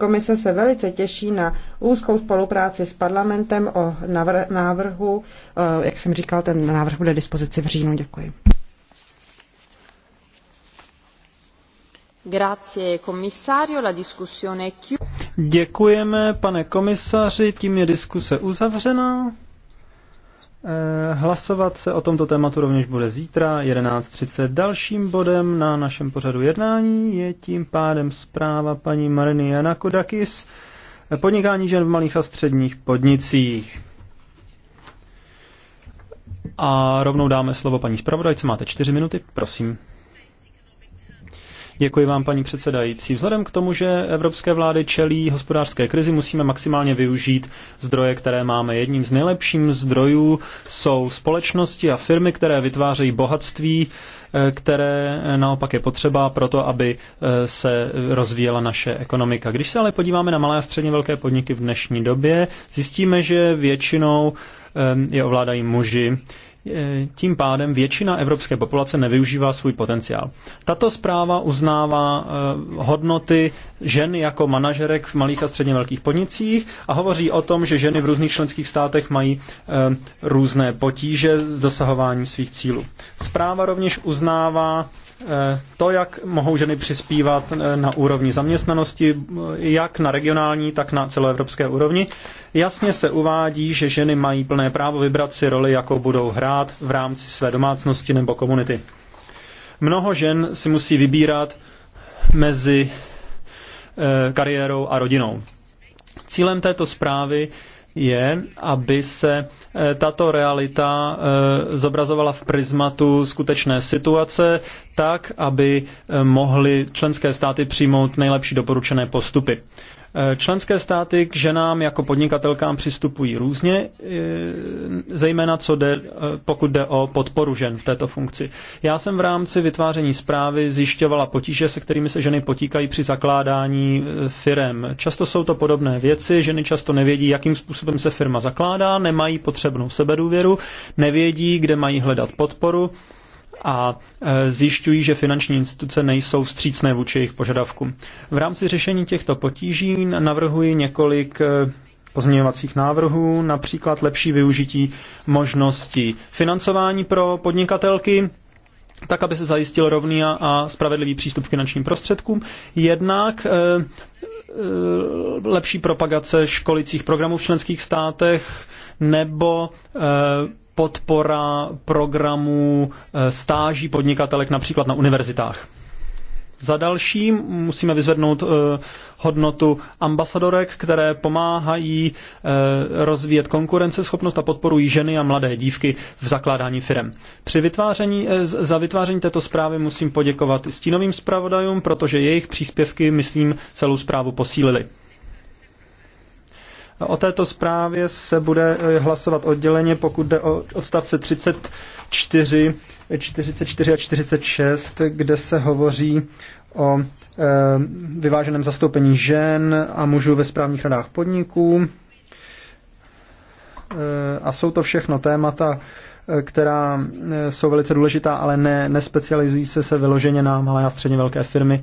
Komise se velice těší na úzkou spolupráci s parlamentem o návrhu. Eh, jak jsem říkal, ten návrh bude dispozici v říjnu. Děkuji. Grazie, komisario. La discussione Děkujeme, pane komisaři, tím je diskuse uzavřena. Eh, hlasovat se o tomto tématu rovněž bude zítra 11.30. Dalším bodem na našem pořadu jednání je tím pádem zpráva paní Mariny Janakodakis. Eh, podnikání žen v malých a středních podnicích. A rovnou dáme slovo paní zpravodajce. Máte čtyři minuty, prosím. Děkuji vám, paní předsedající. Vzhledem k tomu, že evropské vlády čelí hospodářské krizi, musíme maximálně využít zdroje, které máme. Jedním z nejlepších zdrojů jsou společnosti a firmy, které vytvářejí bohatství, eh, které naopak je potřeba pro to, aby eh, se rozvíjela naše ekonomika. Když se ale podíváme na malé a středně velké podniky v dnešní době, zjistíme, že většinou eh, je ovládají muži. Eh, tím pádem většina evropské populace nevyužívá svůj potenciál. Tato zpráva uznává eh, hodnoty žen jako manažerek v malých a středně velkých podnicích a hovoří o tom, že ženy v různých členských státech mají eh, různé potíže s dosahováním svých cílů. Zpráva rovněž uznává Eh, to, jak mohou ženy přispívat eh, na úrovni zaměstnanosti, eh, jak na regionální, tak na celoevropské úrovni. Jasně se uvádí, že ženy mají plné právo vybrat si roli, jakou budou hrát v rámci své domácnosti nebo komunity. Mnoho žen si musí vybírat mezi kariérou a rodinou. Cílem této zprávy je, aby se eh, tato realita eh, zobrazovala v prismatu skutečné situace, tak, aby eh, mohly členské státy přijmout nejlepší doporučené postupy. Eh, členské státy k ženám jako podnikatelkám přistupují různě, eh, zejména co jde, eh, pokud jde o podporu žen v této funkci. Já jsem v rámci vytváření zprávy zjišťovala potíže, se kterými se ženy potíkají při zakládání firem. Často jsou to podobné věci, ženy často nevědí, jakým způsobem se firma zakládá, nemají potřebnou sebedůvěru, nevědí, kde mají hledat podporu a e, zjišťují, že finanční instituce nejsou vstřícné vůči jejich požadavkům. V rámci řešení těchto potíží navrhuji několik e, pozměňovacích návrhů, například lepší využití možností financování pro podnikatelky, tak, aby se zajistil rovný a spravedlivý přístup k finančním prostředkům. Jednak e, Eh, lepší propagace školicích programů v členských státech nebo eh, podpora programů eh, stáží podnikatelek například na univerzitách. Za další musíme vyzvednout eh, hodnotu ambasadorek, které pomáhají eh, rozvíjet konkurenceschopnost a podporují ženy a mladé dívky v zakládání firem. Při vytváření, eh, za vytváření této zprávy musím poděkovat stínovým zpravodajům, protože jejich příspěvky, myslím, celou zprávu posílily. O této zprávě se bude hlasovat odděleně, pokud jde o odstavce 34 44 a 46, kde se hovoří o e, vyváženém zastoupení žen a mužů ve správních radách podniků. E, a jsou to všechno témata, e, Eh, která eh, jsou velice důležitá, ale ne, nespecializují se se vyloženě na malé a středně velké firmy,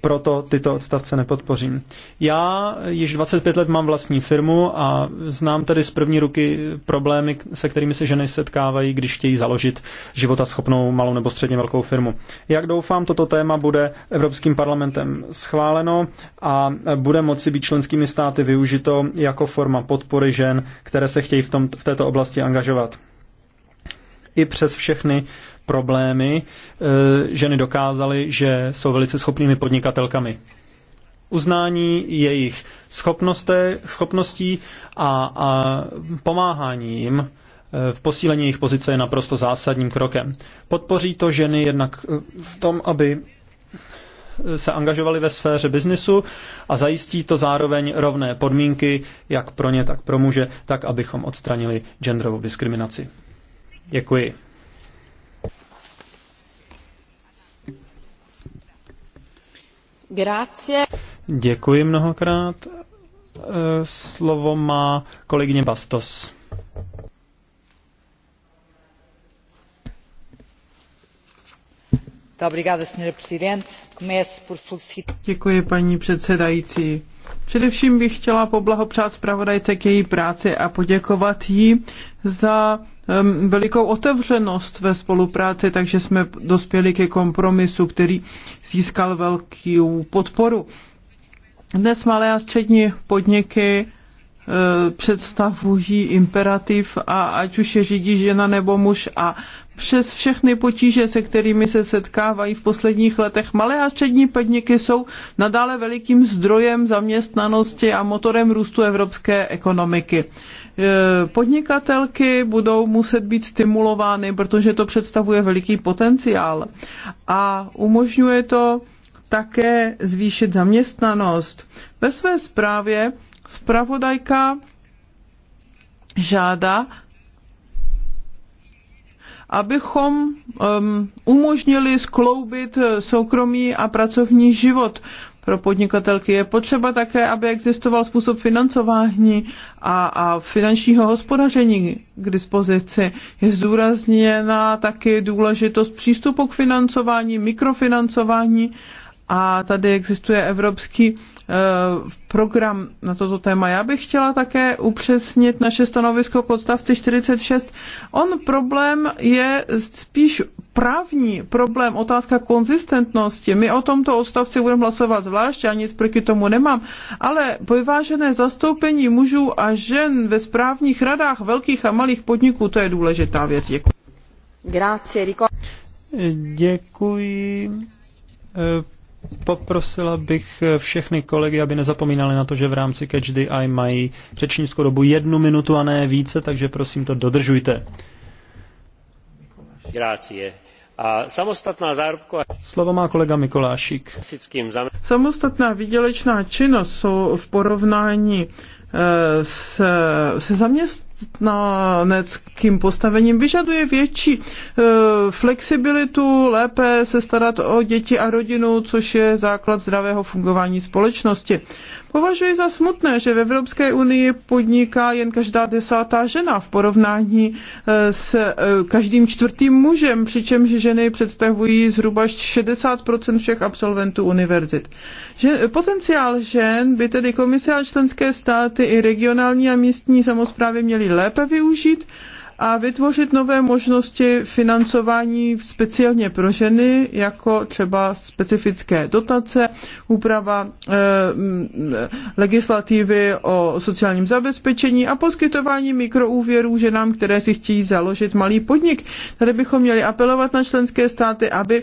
proto tyto odstavce nepodpořím. Já již 25 let mám vlastní firmu a znám tedy z první ruky problémy, se kterými se ženy setkávají, když chtějí založit životaschopnou malou nebo středně velkou firmu. Jak doufám, toto téma bude Evropským parlamentem schváleno a bude moci být členskými státy využito jako forma podpory žen, které se chtějí v, tom, v této oblasti angažovat i přes všechny problémy e, ženy dokázaly, že jsou velice schopnými podnikatelkami. Uznání jejich schopností a, a pomáhání jim e, v posílení jejich pozice je naprosto zásadním krokem. Podpoří to ženy jednak e, v tom, aby se angažovali ve sféře biznisu a zajistí to zároveň rovné podmínky jak pro ně, tak pro muže, tak abychom odstranili genderovou diskriminaci. Děkuji. Grazie. Děkuji mnohokrát. E, slovo má kolegyně Bastos. Děkuji, paní předsedající. Především bych chtěla poblahopřát zpravodajce k její práci a poděkovat jí za velikou otevřenost ve spolupráci, takže jsme dospěli ke kompromisu, který získal velkou podporu. Dnes malé a střední podniky eh, představují imperativ a ať už je řídí žena nebo muž a přes všechny potíže, se kterými se setkávají v posledních letech, malé a střední podniky jsou nadále velikým zdrojem zaměstnanosti a motorem růstu evropské ekonomiky. E, podnikatelky budou muset být stimulovány, protože to představuje veliký potenciál. A umožňuje to také zvýšit zaměstnanost. Ve své zprávě zpravodajka žádá, abychom um, umožnili skloubit soukromý a pracovní život, pro podnikatelky. Je potřeba také, aby existoval způsob financování a, a finančního hospodaření k dispozici. Je zdůrazněna taky důležitost přístupu k financování, mikrofinancování a tady existuje evropský eh, program na toto téma. Já bych chtěla také upřesnit naše stanovisko k odstavci 46. On problém je spíš právní problém, otázka konzistentnosti. My o tomto odstavci budeme hlasovat zvlášť, já nic proti tomu nemám, ale vyvážené zastoupení mužů a žen ve správních radách velkých a malých podniků, to je důležitá věc. Děkuji. Grazie, Děkuji. E, poprosila bych všechny kolegy, aby nezapomínali na to, že v rámci Catch the Eye mají řečnickou dobu jednu minutu a ne více, takže prosím to dodržujte. Grácie. A samostatná zárobková... Slovo má kolega Mikolášík. Samostatná výdělečná činnost jsou v porovnání eh, se, se zaměst zaměstnaneckým postavením vyžaduje větší eh, flexibilitu, lépe se starat o děti a rodinu, což je základ zdravého fungování společnosti. Považuji za smutné, že v Evropské unii podniká jen každá desátá žena v porovnání eh, s eh, každým čtvrtým mužem, přičemž ženy představují zhruba 60 všech absolventů univerzit. Potenciál žen by tedy komise a členské státy i regionální a místní samozprávy měly lépe využít a vytvořit nové možnosti financování speciálně pro ženy, jako třeba specifické dotace, úprava eh, mm, legislativy o sociálním zabezpečení a poskytování mikroúvěrů ženám, které si chtějí založit malý podnik. Tady bychom měli apelovat na členské státy, aby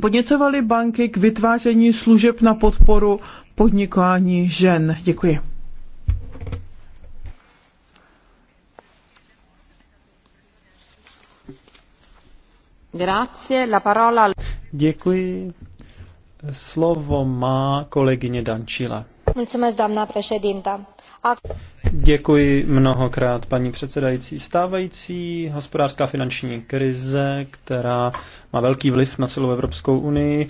podněcovaly banky k vytváření služeb na podporu podnikání žen. Děkuji. Děkuji. Slovo má kolegyně Dančila. Děkuji mnohokrát, paní předsedající. Stávající hospodářská finanční krize, která má velký vliv na celou Evropskou unii,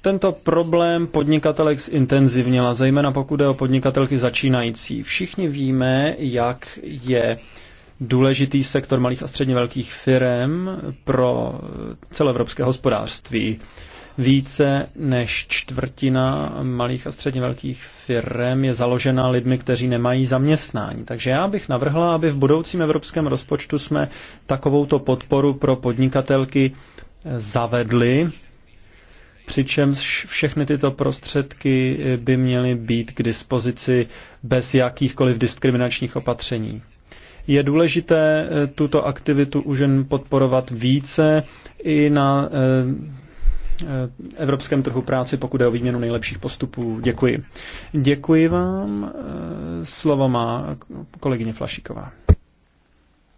tento problém podnikatelek zintenzivnila, zejména pokud je o podnikatelky začínající. Všichni víme, jak je důležitý sektor malých a středně velkých firm pro celoevropské hospodářství. Více než čtvrtina malých a středně velkých firm je založena lidmi, kteří nemají zaměstnání. Takže já bych navrhla, aby v budoucím evropském rozpočtu jsme takovouto podporu pro podnikatelky zavedli, přičemž všechny tyto prostředky by měly být k dispozici bez jakýchkoliv diskriminačních opatření. Je důležité eh, tuto aktivitu už jen podporovat více i na eh, eh, evropském trhu práce, pokud je o výměnu nejlepších postupů. Děkuji. Děkuji vám. Slovo má kolegyně Flašíková.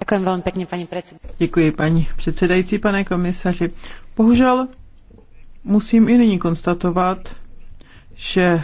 Děkuji velmi pěkně, paní předsedající. Děkuji, paní předsedající, pane komisaři. Bohužel musím i nyní konstatovat, že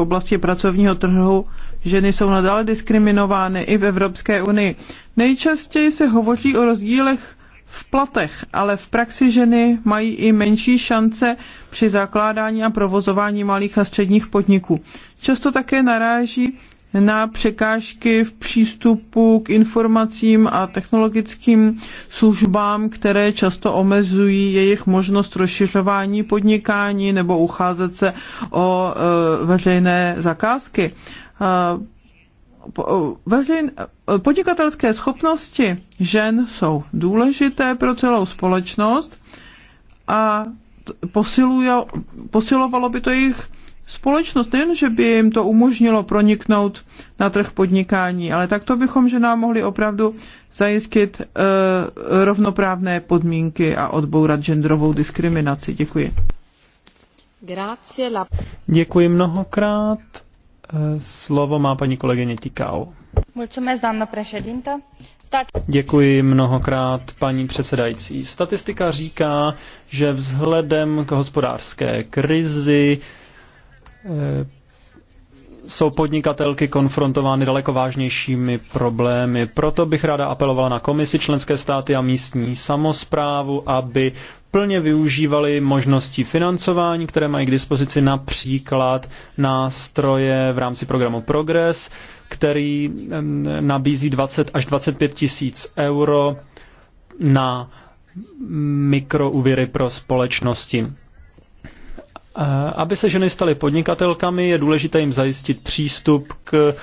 v oblasti pracovního trhu ženy jsou nadále diskriminovány i v Evropské unii. Nejčastěji se hovoří o rozdílech v platech, ale v praxi ženy mají i menší šance při zakládání a provozování malých a středních podniků. Často také naráží na překážky v přístupu k informacím a technologickým službám, které často omezují jejich možnost rozšiřování podnikání nebo ucházet se o e, veřejné zakázky. E, e, veřejn, podnikatelské schopnosti žen jsou důležité pro celou společnost a posilujo, posilovalo by to jejich společnost. Nejen, že by jim to umožnilo proniknout na trh podnikání, ale takto bychom ženám mohli opravdu zajistit uh, rovnoprávné podmínky a odbourat genderovou diskriminaci. Děkuji. Děkuji mnohokrát. Eh, slovo má paní kolegyně Tikau. Děkuji mnohokrát, paní předsedající. Statistika říká, že vzhledem k hospodářské krizi Eh, jsou podnikatelky konfrontovány daleko vážnějšími problémy. Proto bych ráda apelovala na komisi členské státy a místní samozprávu, aby plně využívali možnosti financování, které mají k dispozici například nástroje v rámci programu Progress, který nabízí 20 až 25 tisíc euro na mikroúvěry pro společnosti. Aby se ženy staly podnikatelkami, je důležité jim zajistit přístup k,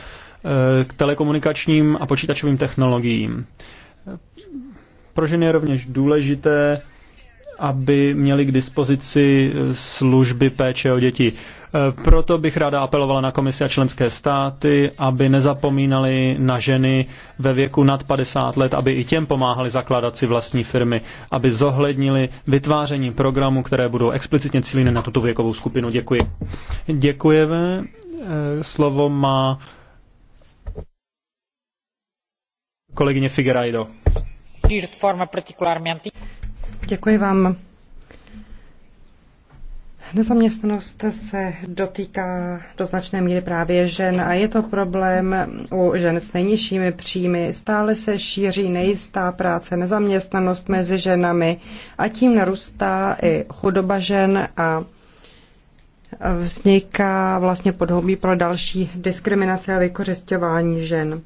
eh, k telekomunikačním a počítačovým technologiím. Pro ženy je rovněž důležité, aby měly k dispozici služby péče o děti. Eh, proto bych ráda apelovala na komisi a členské státy, aby nezapomínali na ženy ve věku nad 50 let, aby i těm pomáhali zakládat si vlastní firmy, aby zohlednili vytváření programů, které budou explicitně cílené na tuto věkovou skupinu. Děkuji. Děkujeme. Eh, slovo má kolegyně Figueiredo. Děkuji vám Nezaměstnanost se dotýká do značné míry právě žen a je to problém u žen s nejnižšími příjmy. Stále se šíří nejistá práce, nezaměstnanost mezi ženami a tím narůstá i chudoba žen a vzniká vlastně podhobí pro další diskriminace a vykořišťování žen.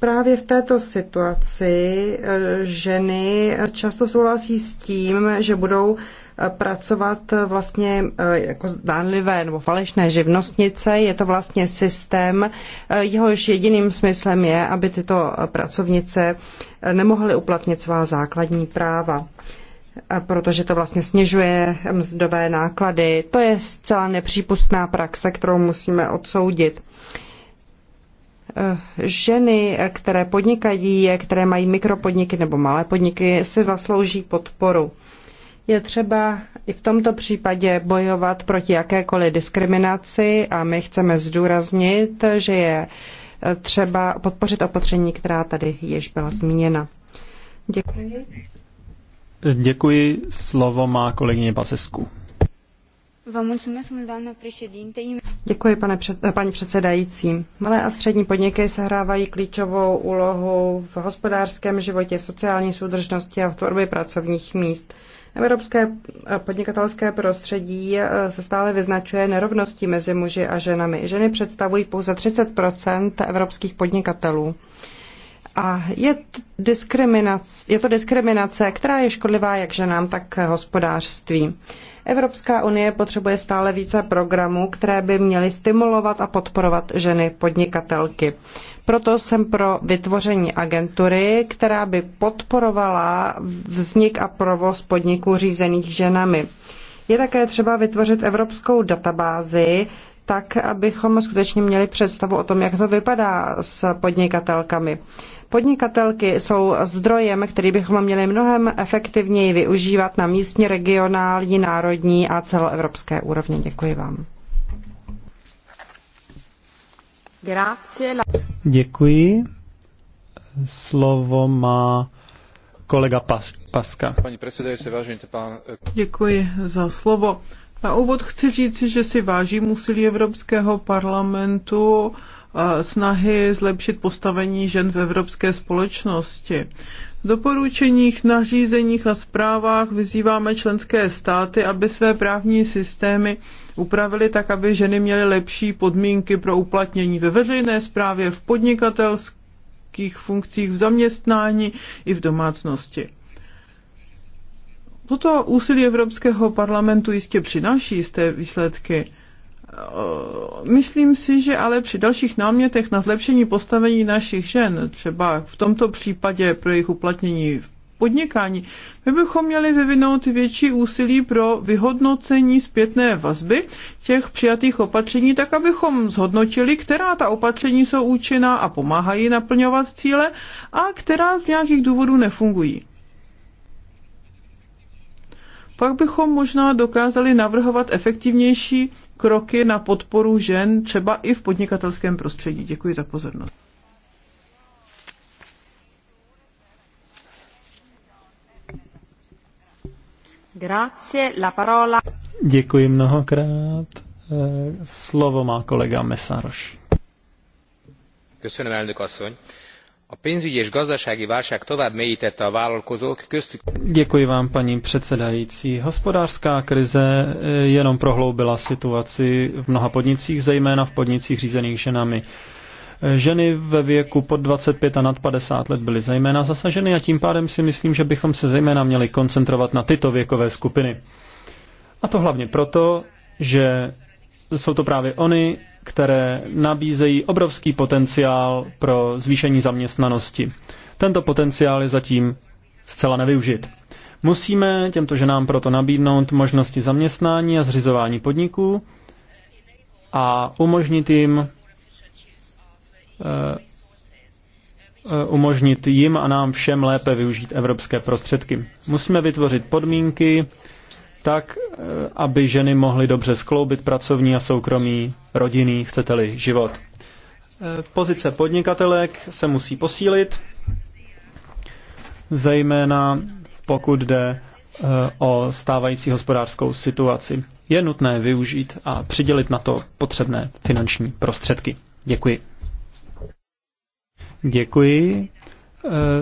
Právě v této situaci eh, ženy často souhlasí s tím, že budou pracovat vlastně eh, jako zdánlivé nebo falešné živnostnice. Je to vlastně systém, eh, jehož jediným smyslem je, aby tyto pracovnice eh, nemohly uplatnit svá základní práva protože to vlastně snižuje mzdové náklady. To je zcela nepřípustná praxe, kterou musíme odsoudit ženy, které podnikají, které mají mikropodniky nebo malé podniky, si zaslouží podporu. Je třeba i v tomto případě bojovat proti jakékoliv diskriminaci a my chceme zdůraznit, že je eh, třeba podpořit opatření, která tady již byla zmíněna. Děkuji. Děkuji. Slovo má kolegyně Basesku. Děkuji, pane před, eh, paní předsedající. Malé a střední podniky sehrávají klíčovou úlohu v hospodářském životě, v sociální soudržnosti a v tvorbě pracovních míst. Evropské eh, podnikatelské prostředí eh, se stále vyznačuje nerovností mezi muži a ženami. Ženy představují pouze 30 evropských podnikatelů. A je to, diskriminace, je to diskriminace, která je škodlivá jak ženám, tak hospodářství. Evropská unie potřebuje stále více programů, které by měly stimulovat a podporovat ženy podnikatelky. Proto jsem pro vytvoření agentury, která by podporovala vznik a provoz podniků řízených ženami. Je také třeba vytvořit evropskou databázi, tak, abychom skutečně měli představu o tom, jak to vypadá s podnikatelkami. Podnikatelky jsou zdrojem, který bychom měli mnohem efektivněji využívat na místní, regionální, národní a celoevropské úrovni. Děkuji vám. Děkuji. Slovo má kolega Pas- Paska. Paní pán... Děkuji za slovo. Na úvod chci říct, že si vážím úsilí Evropského parlamentu snahy zlepšit postavení žen v evropské společnosti. V doporučeních, nařízeních a zprávách vyzýváme členské státy, aby své právní systémy upravili tak, aby ženy měly lepší podmínky pro uplatnění ve veřejné správě, v podnikatelských funkcích, v zaměstnání i v domácnosti. Toto úsilí Evropského parlamentu jistě přináší z té výsledky. Eh, myslím si, že ale při dalších námětech na zlepšení postavení našich žen, třeba v tomto případě pro jejich uplatnění v podnikání, my bychom měli vyvinout větší úsilí pro vyhodnocení zpětné vazby těch přijatých opatření, tak abychom zhodnotili, která ta opatření jsou účinná a pomáhají naplňovat cíle a která z nějakých důvodů nefungují pak bychom možná dokázali navrhovat efektivnější kroky na podporu žen, třeba i v podnikatelském prostředí. Děkuji za pozornost. Grazie, la parola. Děkuji mnohokrát. Eh, slovo má kolega Mesaroš. Děkuji, a pénzügyi és gazdasági válság tovább mélyítette a vállalkozók köztük. Děkuji vám, paní předsedající. Hospodářská krize eh, jenom prohloubila situaci v mnoha podnicích, zejména v podnicích řízených ženami. Eh, ženy ve věku pod 25 a nad 50 let byly zejména zasaženy a tím pádem si myslím, že bychom se zejména měli koncentrovat na tyto věkové skupiny. A to hlavně proto, že jsou to právě ony, které nabízejí obrovský potenciál pro zvýšení zaměstnanosti. Tento potenciál je zatím zcela nevyužit. Musíme těmto ženám proto nabídnout možnosti zaměstnání a zřizování podniků a umožnit jim eh, eh, umožnit jim a nám všem lépe využít evropské prostředky. Musíme vytvořit podmínky, tak, eh, aby ženy mohly dobře skloubit pracovní a soukromý, rodinný, chcete-li, život. Eh, pozice podnikatelek se musí posílit, zejména pokud jde eh, o stávající hospodářskou situaci. Je nutné využít a přidělit na to potřebné finanční prostředky. Děkuji. Děkuji.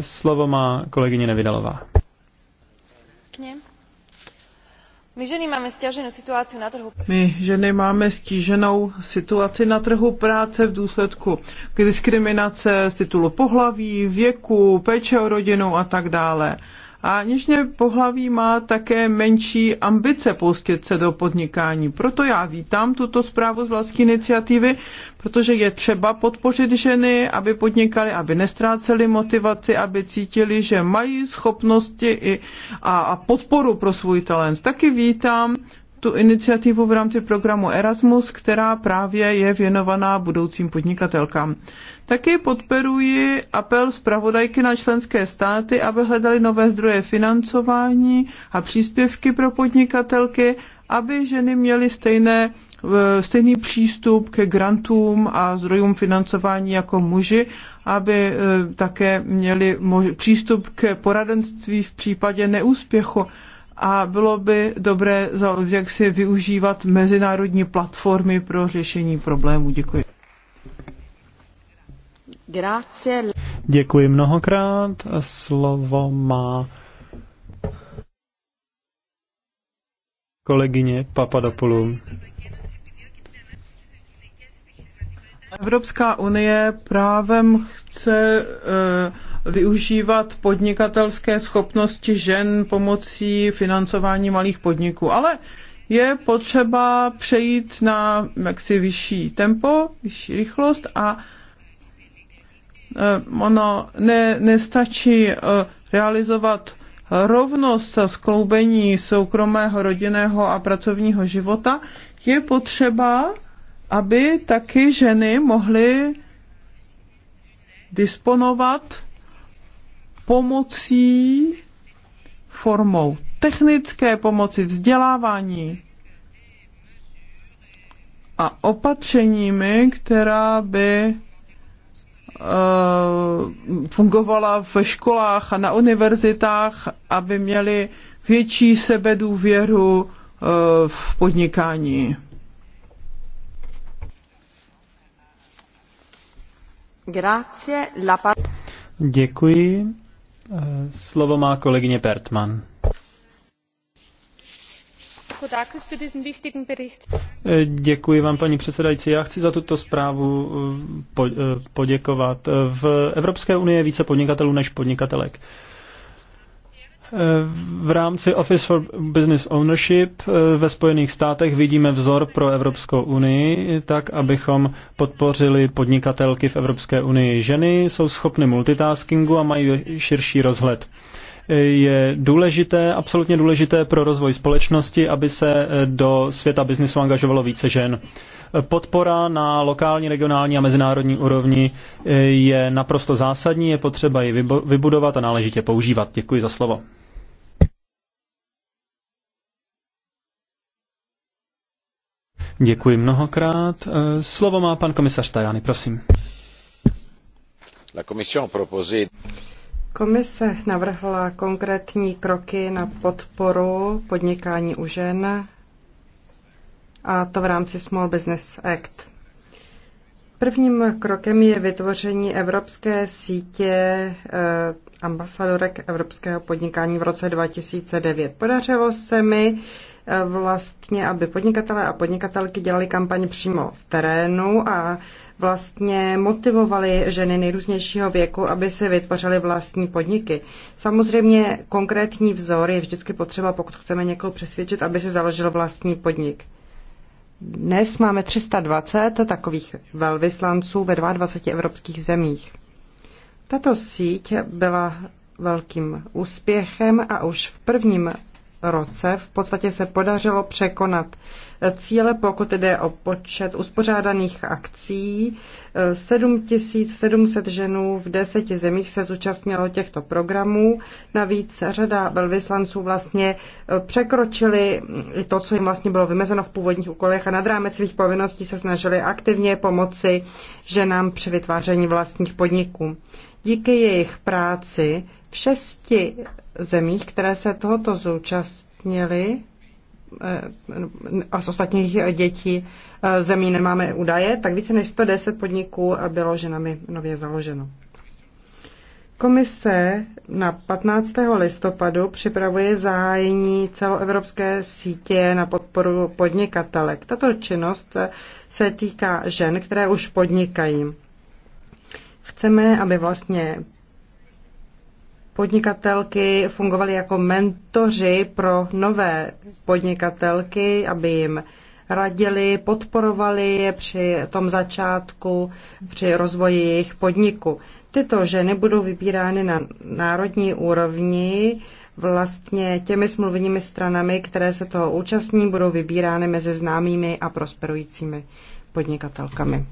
Slovo má kolegyně Nevidalová. K něm. My ženy máme stěženou situaci na trhu. My ženy máme stíženou situaci na trhu práce v důsledku diskriminace z titulu pohlaví, věku, péče o rodinu a tak dále. A nižně pohlaví má také menší ambice pustit se do podnikání. Proto já vítám tuto zprávu z vlastní iniciativy, protože je třeba podpořit ženy, aby podnikaly, aby nestráceli motivaci, aby cítili, že mají schopnosti i, a, a podporu pro svůj talent. Taky vítám tu iniciativu v rámci programu Erasmus, která právě je věnovaná budoucím podnikatelkám. Také podporuji apel zpravodajky na členské státy, aby hledali nové zdroje financování a příspěvky pro podnikatelky, aby ženy měly stejné stejný přístup ke grantům a zdrojům financování jako muži, aby e, také měli přístup k poradenství v případě neúspěchu. A bylo by dobré jak si využívat mezinárodní platformy pro řešení problémů. Děkuji. Grazie. Děkuji mnohokrát. Slovo má kolegyně Papadopoulou. Evropská unie právem chce e, využívat podnikatelské schopnosti žen pomocí financování malých podniků, ale je potřeba přejít na jaksi vyšší tempo, vyšší rychlost a Eh, ono ne, nestačí eh, realizovat rovnost a skloubení soukromého, rodinného a pracovního života, je potřeba, aby taky ženy mohly disponovat pomocí formou technické pomoci, vzdělávání a opatřeními, která by Eh, fungovala ve školách a na univerzitách, aby měli větší sebedůvěru eh, v podnikání. Grazie, la... Děkuji. Eh, slovo má kolegyně Pertman. Eh, děkuji vám, paní předsedající. Já chci za tuto zprávu eh, eh, poděkovat. V Evropské unii je více podnikatelů než podnikatelek. V rámci Office for Business Ownership ve Spojených státech vidíme vzor pro Evropskou unii, tak abychom podpořili podnikatelky v Evropské unii. Ženy jsou schopny multitaskingu a mají širší rozhled je důležité, absolutně důležité pro rozvoj společnosti, aby se eh, do světa biznisu angažovalo více žen. Podpora na lokální, regionální a mezinárodní úrovni eh, je naprosto zásadní, je potřeba ji vybudovat a náležitě používat. Děkuji za slovo. Děkuji mnohokrát. Eh, slovo má pan komisař Tajany, prosím. La Komise navrhla konkrétní kroky na podporu podnikání u žen, a to v rámci Small Business Act. Prvním krokem je vytvoření evropské sítě eh, ambasadorek evropského podnikání v roce 2009. Podařilo se mi eh, vlastně, aby podnikatelé a podnikatelky dělali kampaň přímo v terénu a vlastně motivovali ženy nejrůznějšího věku, aby se vytvořily vlastní podniky. Samozřejmě konkrétní vzor je vždycky potřeba, pokud chceme někoho přesvědčit, aby se založil vlastní podnik. Dnes máme 320 takových velvyslanců ve 22 evropských zemích. Tato síť byla velkým úspěchem a už v prvním roce v podstatě se podařilo překonat cíle, pokud jde o počet uspořádaných akcí. 7700 ženů v deseti zemích se zúčastnilo těchto programů. Navíc řada velvyslanců vlastně překročili to, co jim vlastně bylo vymezeno v původních úkolech a nad rámec svých povinností se snažili aktivně pomoci ženám při vytváření vlastních podniků. Díky jejich práci v šesti zemích, které se tohoto zúčastnily, Eh, a z ostatních dětí eh, zemí nemáme údaje, tak více než 110 podniků bylo ženami nově založeno. Komise na 15. listopadu připravuje zahájení celoevropské sítě na podporu podnikatelek. Tato činnost se týká žen, které už podnikají. Chceme, aby vlastně podnikatelky fungovaly jako mentoři pro nové podnikatelky, aby jim radili, podporovali je při tom začátku, při rozvoji jejich podniku. Tyto ženy budou vybírány na národní úrovni, vlastně těmi smluvními stranami, které se toho účastní, budou vybírány mezi známými a prosperujícími podnikatelkami.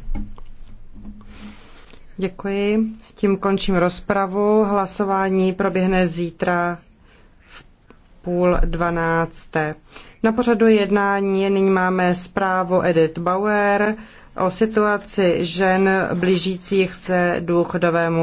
Děkuji. Tím končím rozpravu. Hlasování proběhne zítra v půl dvanácté. Na pořadu jednání nyní máme zprávu Edith Bauer o situaci žen blížících se důchodovému